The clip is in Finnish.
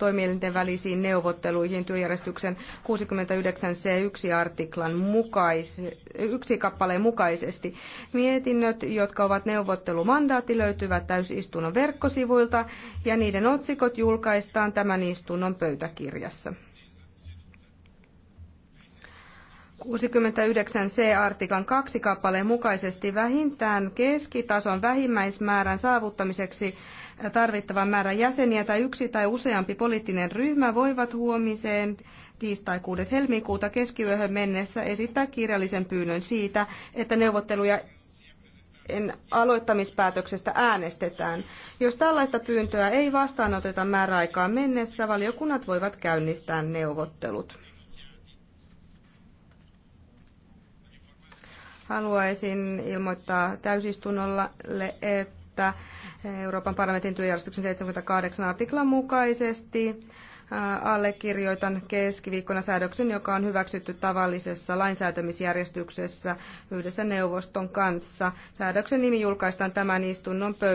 toimielinten välisiin neuvotteluihin työjärjestyksen 69 C1 artiklan mukais, yksi kappaleen mukaisesti. Mietinnöt, jotka ovat neuvottelumandaatti, löytyvät täysistunnon verkkosivuilta ja niiden otsikot julkaistaan tämän istunnon pöytäkirjassa. 69 C-artiklan kaksi kappaleen mukaisesti vähintään keskitason vähimmäismäärän saavuttamiseksi tarvittavan määrän jäseniä tai yksi tai useampi poliittinen ryhmä voivat huomiseen tiistai 6. helmikuuta keskiyöhön mennessä esittää kirjallisen pyynnön siitä, että neuvotteluja aloittamispäätöksestä äänestetään. Jos tällaista pyyntöä ei vastaanoteta määräaikaan mennessä, valiokunnat voivat käynnistää neuvottelut. Haluaisin ilmoittaa täysistunnolle, että Euroopan parlamentin työjärjestyksen 78 artiklan mukaisesti allekirjoitan keskiviikkona säädöksen, joka on hyväksytty tavallisessa lainsäätämisjärjestyksessä yhdessä neuvoston kanssa. Säädöksen nimi julkaistaan tämän istunnon pöytä.